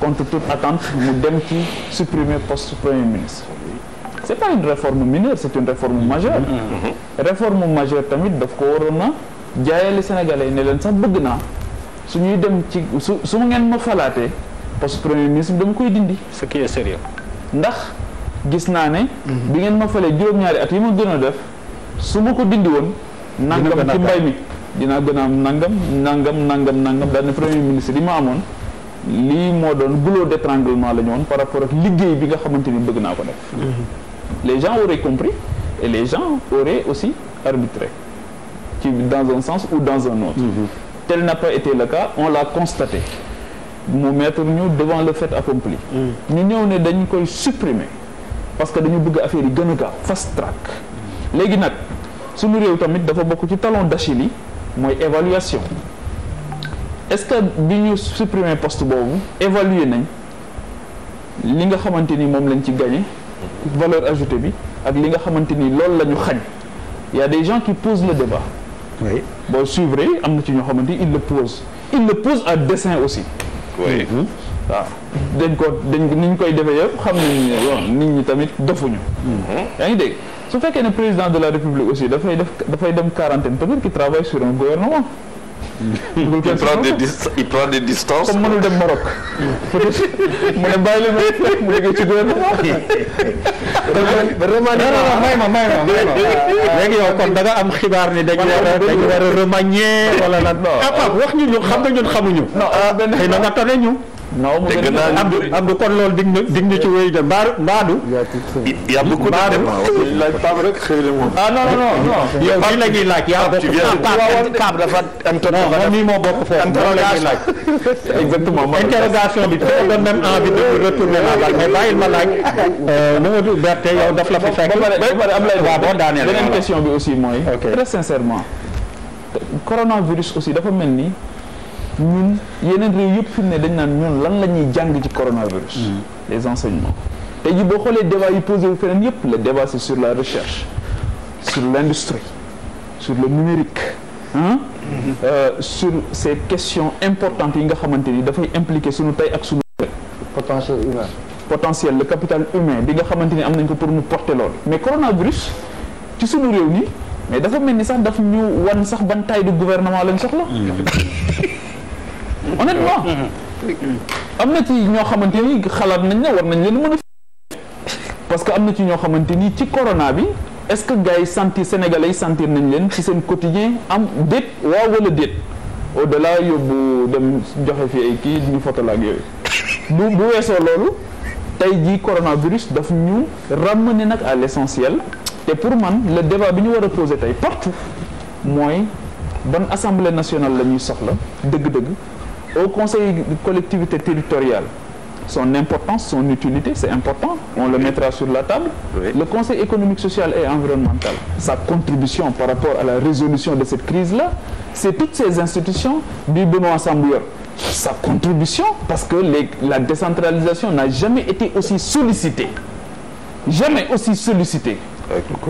contre toute attente mu dem ci supprimer poste premier ministre c'est pas une réforme mineure c'est une réforme majeure mm-hmm. réforme majeure tamit daf ko waroon na jaayale sénégalais ne leen sax bëgg naa su ñuy dem ci su su ma ngeen ma falaatee poste premier ministre bi dama koy dindi ce qui ndax gis naa ne mm-hmm. bi ngeen ma falee juróom-ñaari at yi ma gën a def su ma ko dindi woon nangam ci mbay mi dinaa gën a am nangam nangam nangam nangam daal ne premier ministre yi ma amoon lii moo doon goulot d'étranglement la ñu woon par rapport liggéey bi nga xamante ni bëgg naa ko def. Mm-hmm. les gens auraient compris et les gens auraient aussi arbitré ci dans un sens dans un mm-hmm. tel n'a pas été le l'a constaté mu mettre ñu devant le fait accompli. Mm-hmm. ñu ñëw ne dañu koy supprimer parce que dañu bëgg affaire yi gën a léegi nag suñu réew tamit dafa bokk ci talon d'Achille yi mooy évaluation. est-ce que bi ñu supprimer poste boobu évaluer nañ li nga xamante ni moom lañ ci gagné valeur ajoutée bi ak li nga xamante ni loolu la ñu xañ y des gens qui posent le débat boo suivre am na ci ñoo xamante ni il le pose il le pose à dessein aussi oui mm-hmm. dañ ko dañ ni ñu koy defee yëpp xam nañ ne nit ñi tamit dofuñu mm-hmm. yaa ngi dégg su fekkee ne président de la république aussi dafay def dafay dem quarantaine peut-être qu'il travaille sur un gouvernement il prend des dis il prend des distances. comme mënul dem Maroc. mu ne bàyyi leen mu déggee ci gouvernement. remaniement ma léegi yow kon da nga am xibaar ni dañu war a dañu war a remanier wala lan. Ah, wax ñu ñu xam nga ñun xamuñu. non ah benn xëy na nga tane ñu. non mu gën a Abdou Abdou kon loolu dig na dig na ci wéy de Mbadou Mbadou. y' a beaucoup de laaj Pape rek na moom. ah non non non. yow lii la ñuy laaj yaa moo bokk foofu loolu laaj. exactement interrogation bi te doon même envie de retourner la balle ma laaj. Euh, Mamadou Berthe yow daf la fa fekk. ba pare ba pare Ablaye waaw boo daaneel beneen question bi aussi mooy. très sincèrement coronavirus aussi dafa mel ni. ñun yeneen réew yëpp fi mu ne dañ naan ñun lan la ñuy jàng ci coronavirus. Mm. les enseignements tey jii boo xoolee débat yi posé feneen yëpp la débat c'est sur la recherche sur l'industrie sur le numérique ah. Euh, sur ces questions importantes yi nga xamante ni dafay impliquer sunu tey ak sunu. potentiel humain. potentiel capital humain bi nga xamante ni am nañ ko pour mu porter loolu. mais coronavirus ci sunu réew nii mais dafa mel ni sax daf ñu wan sax ban taille du gouvernement lañ soxla. Mm. honnêtement mm-hmm. am na ci ñoo xamante ni xalaat nañ ne war nañ leen mën a parce que am na ci ñoo xamante ni ci corona bi est-ce que gars yi sentir sénégalais yi nañ leen ci seen quotidien am déet waaw wala déet au delà yóbbu dem joxe fi ay kii ñu foto la ak yooyu bu bu weesoo loolu tey jii coronavirus daf ñu ramener nag à l'essentiel te pour man le débat bi ñu war a poser tey partout mooy ban assemblée nationale la ñuy soxla dëgg-dëgg au conseil collectivité territoriale son importance son utilité c'est important on le mettra sur la table oui. le conseil économique social et environnemental sa contribution par rapport à la résolution de cette crise là c'est toutes ces institutions du Benoît Sambouyor sa contribution parce que les, la décentralisation n'a jamais été aussi sollicitée jamais aussi sollicitée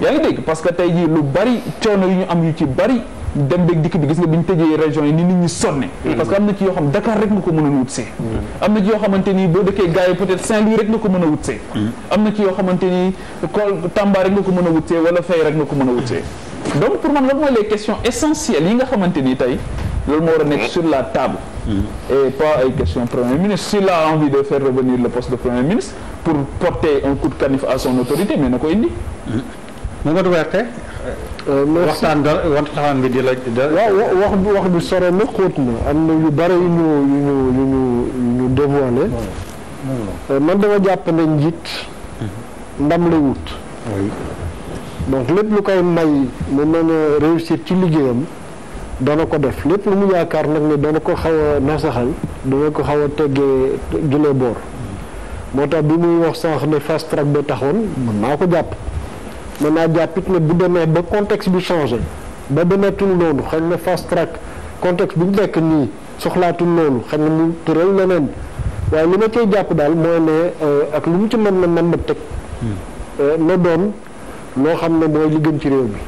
yaa ngi dégg parce que tey jii lu bari coono yu ñu am yu ci bari dem beeg dikk bi gis nga bi ñu tëjee région yi ni nit sonne mm-hmm. parce que am na ci yoo xam Dakar rek nga ko mën a wutsee mm-hmm. am na ci yoo xamante nii boo dëkkee gars yi Saint-Louis rek nga ko mën a wutsee mm-hmm. am na ci yoo xamante nii Kol Tamba rek nga ko mën a wutsee wala Faye rek nga ko mën a wutsee donc pour man loolu mooy les questions essentielles yi nga xamante nii tey loolu moo war a nekk sur la table et pas ay question premier ministre s'il a envie de Euh, waxtaan dara waxtaan bi di la. waaw wax bi wax bu sore na xóot na am na yu bare yu ñu yu ñu yu euh, man dama jàpp ne njiit mhm. ndam lay wut. donc lépp lu koy may mu mën a réussir ci liggéeyam dana ko def lépp lu mu yaakaar nag ne dana ko xaw a nasaxal dana ko xaw a teggee gile boor mhm. moo tax bi muy wax sànq ne fast track ba taxoon mën naa ko jàpp. mën naa jàppit ne bu demee ba contexte bi changé ba demeetul loolu xëy na fast track contexte bu ñu nekk nii soxlaatul loolu xëy na mu tëral waaye li ma cay jàpp daal mooy euh, ak lu mu ci mën na mën na teg euh, doon loo xam ne mooy li gën ci réew bi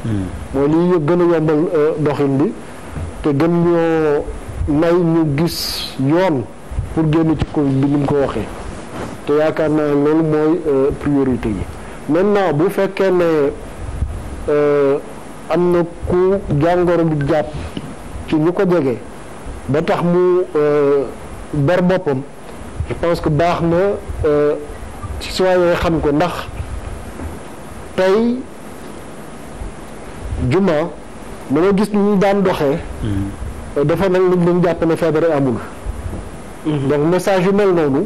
mooy li gën a yombal euh, doxin bi te gën ñoo may ñu gis yoon pour génn ci Covid bi ni mu ko waxee te yaakaar naa loolu mooy priorité yi maintenant bu fekkee ne euh, am na ku jàngoro bu jàpp ci ñu ko jege ba tax mu euh, ber boppam je pense que baax na euh, citoyen xam ko ndax tey juma da nga gis ñu daan doxee mm-hmm. dafa nag nit dañ jàpp ne feebar amul mm-hmm. donc message yu mel noonu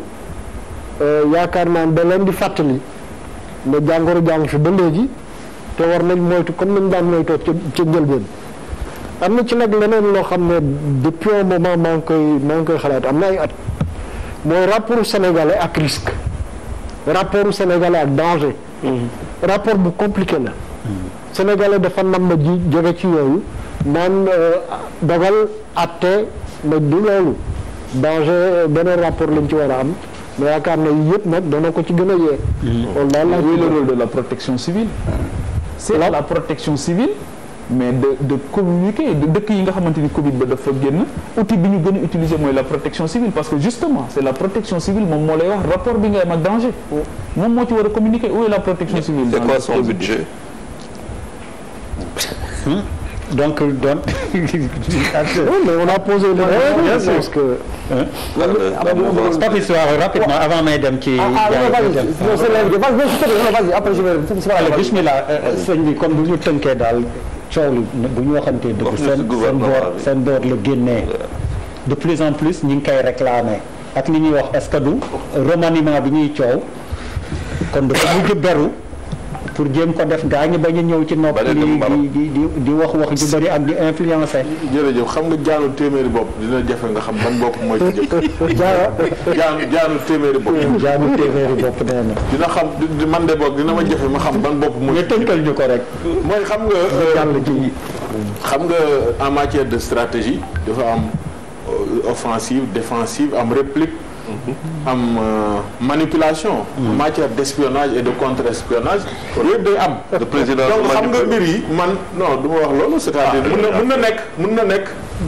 yaakaar naa da leen di fàttali ne jàngoro jàng fi ba léegi te war nañ moytu comme nañ daan moytoo ci ca njëlbeen am na ci nag leneen loo xam ne depuis un moment maa ngi koy maa ngi koy xalaat am na ay at mooy rapport sénégalais ak risque rapport sénégalais ak danger mm-hmm. rapport bu compliqué la mm-hmm. sénégalais dafa nam ma ji jóge ci yooyu naan euh, dogal atte ma du loolu danger euh, beneen rapport lañ ci war a am mais yaakaar na yëpp nag dana ko ci gën a yee. Mm-hmm. loolu daal la le rôle de la protection civile. c'est la protection civile. mais de de communiquer de dëkk yi nga xamante ni Covid ba dafa génn outil bi ñu gën a mooy la protection civile parce que justement c'est la protection civile moom moo lay wax rapport bi ngay am ak danger. moom moo ci war a communiquer où la protection civile. c'est quoi son budget. donc donc. on a posé le débat parce que. Pape ah, Histoire rapidement ah, ah, avant may dem ci. ah sëñ bi comme bu ñu tënkee daal coow li bu ñu waxantee dëgg. seen boor seen boor la génnee. de plus en plus ñu ngi koy réclamer ak li ñuy wax est-ce que du remaniement bi ñuy coow kon dafa mujj beru. pour jéem ko def gaa ngi bañ ñëw ci nopp li di di di wax wax ju bëri ak di influencer. jërëjëf xam nga jaanu téeméeri bopp dina jafe nga xam ban bopp mooy ci jëkk jaanu jaanu téeméeri bopp jaanu téeméeri bopp nee dina xam man de bopp dina ma jafe ma xam ban bopp mooy nga tënkal ñu ko rek mooy xam nga euh, jàll ji xam nga en matière de stratégie dafa am euh, offensive défensive am réplique am euh, manipulation mm. en matière d'espionnage et de contre-espionnage yëpp day am donc xam nga mbir yi man non du ma wax loolu cest ah, mën na nekk mën mm. na nekk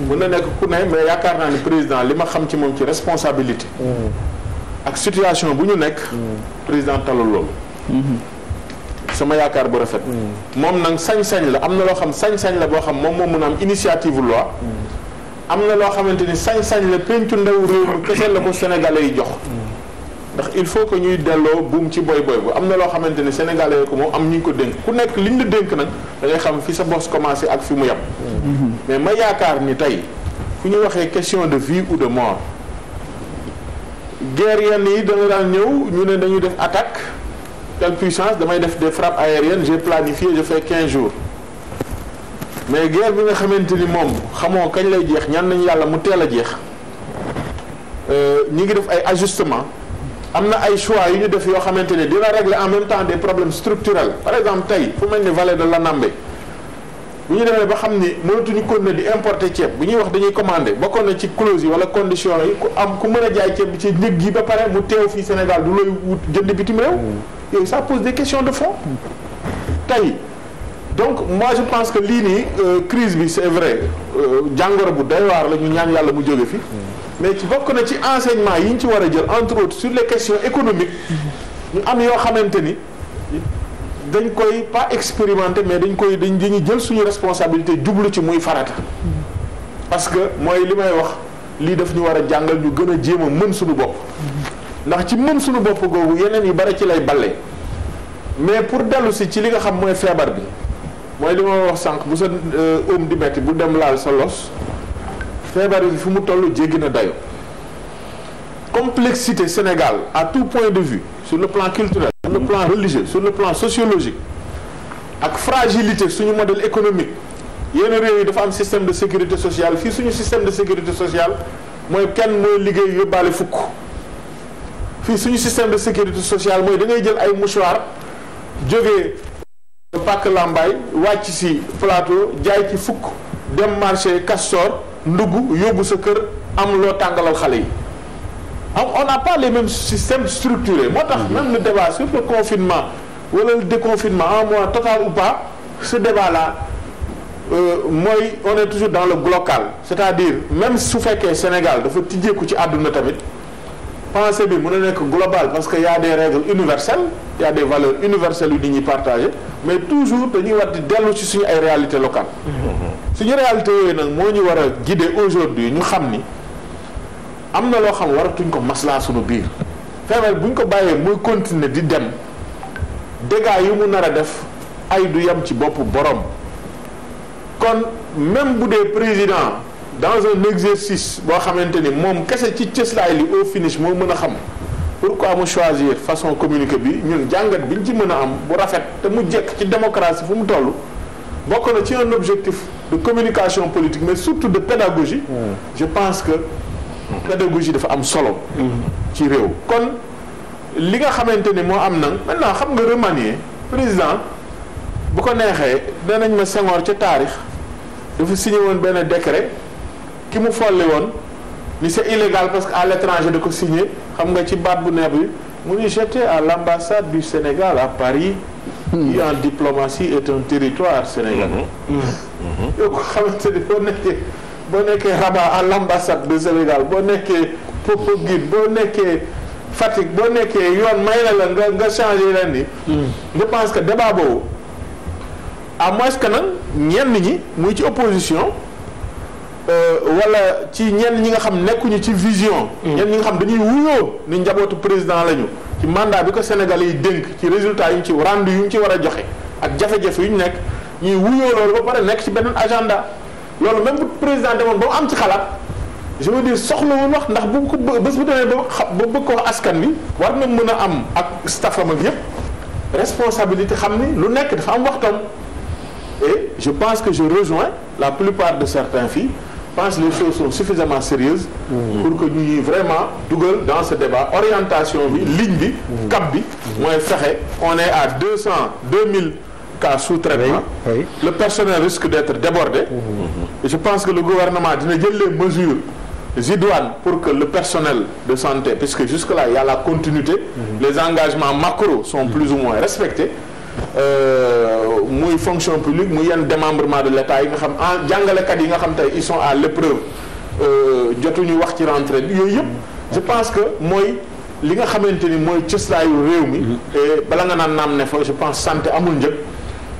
mën na nekk ku ne mais yaakaar naa ni président li ma xam ci moom ci responsabilité mm. ak situation bu ñu nekk président talul loolu mm-hmm. sama yaakaar bu rafet moom nag sañ-sañ la am na loo xam sañ-sañ la boo xam moom moo mën am initiative loi am na loo xamante ni sañ-sañ la pencu ndaw réew mi kese la ko sénégalais yi jox. ndax il faut que ñuy delloo buum ci boy boy bu am na loo xamante ni sénégalais yi ko moom am ñu ngi ko dénk ku nekk li ñu la dénk nag da xam fi sa bos commencé ak fi mu yem. mais ma yaakaar ni tey fu ñu waxee question de vie ou de mort. guerre yenn yi dana daan ñëw ñu ne dañuy def attaque telle puissance damay def des frappes aériennes j'ai planifié je fais quinze jours. mais guerre bi nga xamante ni moom xamoo kañ lay jeex ñan nañu yàlla mu teel a jeex euh, ñi ngi def ay ajustement am na ay choix yu ñu def yoo xamante ni dina régler en même temps des problème structurels par exemple tey fu mel ni vallée de l'Anambé bu ñu ne ba xam ni mënatuñu ne di importe ceeb bu ñuy wax dañuy commander bokkoon na ci clause yi wala condition yi ku am ku mën a jaay ceeb bi ci njëg gi ba pare mu teew fii Sénégal du looy wut jënd bitim réew. Mm. yooyu ça pose de fond donc moi je pense que lii nii euh, crise bi c'est vrai euh, jàngaro bu doy waar la ñu ñaan yàlla mu jóge fi mais ci bokk na ci enseignement yi ñu ci war a jël entre autres sur les questions économiques ñu am yoo xamante ni dañ koy pas expérimenter mais dañ koy dañ dañuy jël suñu responsabilité jublu ci muy farata parce que mooy li may wax lii def ñu war a jàngal ñu gën a jéem mën suñu bopp ndax ci mën suñu bopp googu yeneen yi bari ci lay balle mais pour dellu si ci li nga xam mooy feebar mooy li ma wax sànq bu sa óom euh, di metti bu dem laal sa los feebar bi fu mu toll jéggi na dayo complexité Sénégal à tout point de vue su le plan culturel sur le plan religieux sur le plan sociologique ak fragilité suñu model économique yenn réew yi dafa am système de sécurité sociale fii suñu système de sécurité sociale mooy kenn mooy liggéey yóbbaale fukk fii suñu système de sécurité sociale mooy da ngay jël ay mouchoir jógee pàkk Lambaay wàcc si plateau jaay ci fukk dem marché Castor ndugg yóbbu sa kër am loo tàngalal xale yi am ah, on n'a pas les mêmes systèmes structurés moo tax mhm. même le débat sur le confinement wala le déconfinement un mois total ou pas ce débat là euh, mooy on toujours dans le glocal c'est-à-dire même su fekkee Sénégal dafa tijjeeku ci àdduna tamit pensée bi mën a nekk global parce que y a des règles universelles y a des valeurs universelles yu nit ñi partagé mais toujours dañuy war di dellu ci suñu ay réalité locale suñu réalité yooyu nag moo ñu war a guider aujourd'hui ñu xam ni am na loo xam waratuñ ko maslaa suñu biir feebar buñ ko bàyyee muy continuer di dem dégâts yu mu nar a def ay du yem ci bopp borom kon même bu dee président dans un exercice boo xamante ni moom kese ci cëslaay li au finish moo mën a xam pourquoi mu choisir façon communiqué bi ñun jàngat bi ñu ci mën a am bu rafet te mu jekk ci démocratie fu mu toll bokk na ci un objectif de communication politique mais surtout de pédagogie mm. je pense que pédagogie dafa am solo mm. ci réew kon li nga xamante ni moo am nag maintenant xam nga remanier président bu ko neexee nañ ma Senghor ca taarix dafa signé woon benn décret ki mu folli woon ni c'est ilegal parce que à l'étranger da ko signé xam nga ci baat bu neeb bi mu ngi jeté à l'ambassade du Sénégal à Paris hmm. qui en diplomatie est un territoire sénégalais mm-hmm. hmm. mm-hmm. yow ko xamante ni boo nekkee boo nekkee Rabat à l'ambassade du Sénégal boo nekkee Popenguine boo nekkee Fatick boo nekkee yoon may na la nga nga changé leen ni hmm. je pense que débat boobu à moins que nag ñenn ñi muy ci opposition Euh, wala ci ñenn ñi nga xam nekkuñu ci vision. Mm. ñenn ñi nga xam dañuy wuyoo ni njabootu président lañu ci mandat bi ko Sénégal yi dénk ci résultat yu ñu ci rendu yu ñu ci war a joxe ak jafe-jafe yu ñu nekk ñuy wuyoo loolu ba pare nekk ci beneen agenda loolu même bu président demoon ba mu am ci xalaat je veux dire soxlawul wax ndax bu ko bés bu demee ba xa ba bëgg ko wax askan wi war na mën a am ak staffam ak yépp responsabilité xam ni lu nekk dafa am waxtam et je pense que je rejoins la plupart de certains filles pense les choses sont suffisamment sérieuses mm. pour que ñu vraiment dugal dans ce débat orientation bi mm. ligne bi mm. cap bi mooy fexe on est à deux cent deux mille cas sous le personnel risque d'être débordé et je pense que le gouvernement dina jël les mesures idoines pour que le personnel de santé puisque jusque là il y a la continuité les engagements macro sont plus ou moins respectés Euh, muy fonction publique mu yenn démembrement de l'État yi nga xam ah, jàngalekat yi nga xam tey ils sont à l'épreuve euh, jotuñu wax ci rentrée bi yooyu yëpp je pense que mooy li nga xamante ni mooy cëslaayu réew mi mm-hmm. et bala nga naan naam ne fa je pense santé amul njëg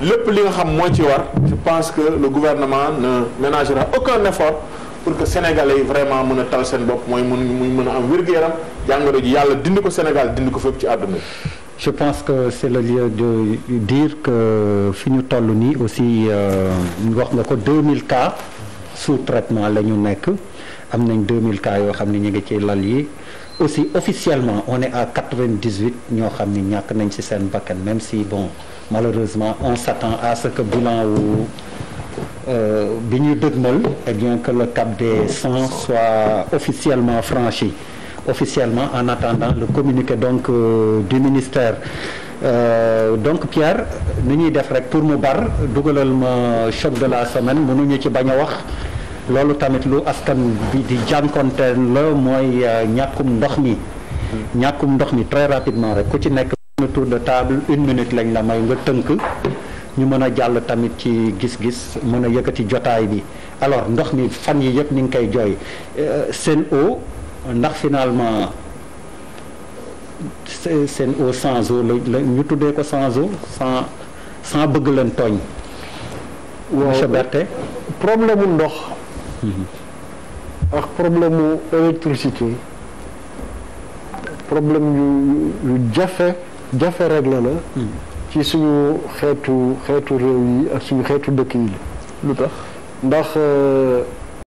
lépp li nga xam moo ci war je pense que le gouvernement ne ménagera aucun effort pour que sénégalais yi vraiment mën a tal seen bopp mooy mun muy mun a am wér-gu-yaram jàngoro ji yàlla dindi ko Sénégal dindi ko fépp ci àdduna bi je pense que c'est le lieu de dire que fi ñu toll nii aussi euh, wax nga ko 2000 cas sous traitement la ñu nekk am nañ 2000 cas yoo xam ne ñu ngi ci lal yi aussi officiellement on est à 98 ñoo xam ni ñàkk nañ ci seen bakkan même si bon malheureusement on s'attend à ce que bilan wu euh, bi ñuy dëgmal et eh bien que le cap des 100 soit officiellement franchi officiellement en attendant le communiqué donc euh, du ministère Euh, donc Pierre ni ñuy def rek pour mu bar dugalal ma choc de la semaine ñu ci bañ a wax loolu tamit lu askan bi di jànkonteen la mooy euh, ñàkkum ndox mi ñàkkum ndox mi très rapidement rek ku ci nekk benn tour de table une minute lañ la may nga tënk ñu mën a jàll tamit ci gis-gis mën a yëkkati jotaay bi alors ndox mi fan yi yëpp ni nga koy jooy euh, Sen'Eau ndax finalement seen au sans la ñu tuddee ko sans eau sans sans bëgg leen tooñ. monsieur Berthe problème mu ndox. Mhm. ak problème mu électricité problème yu yu jafe jafe réglé la. Mhm. ci suñu xeetu xeetu réew yi ak suñu xeetu dëkk yi la. lu tax ndax. Euh,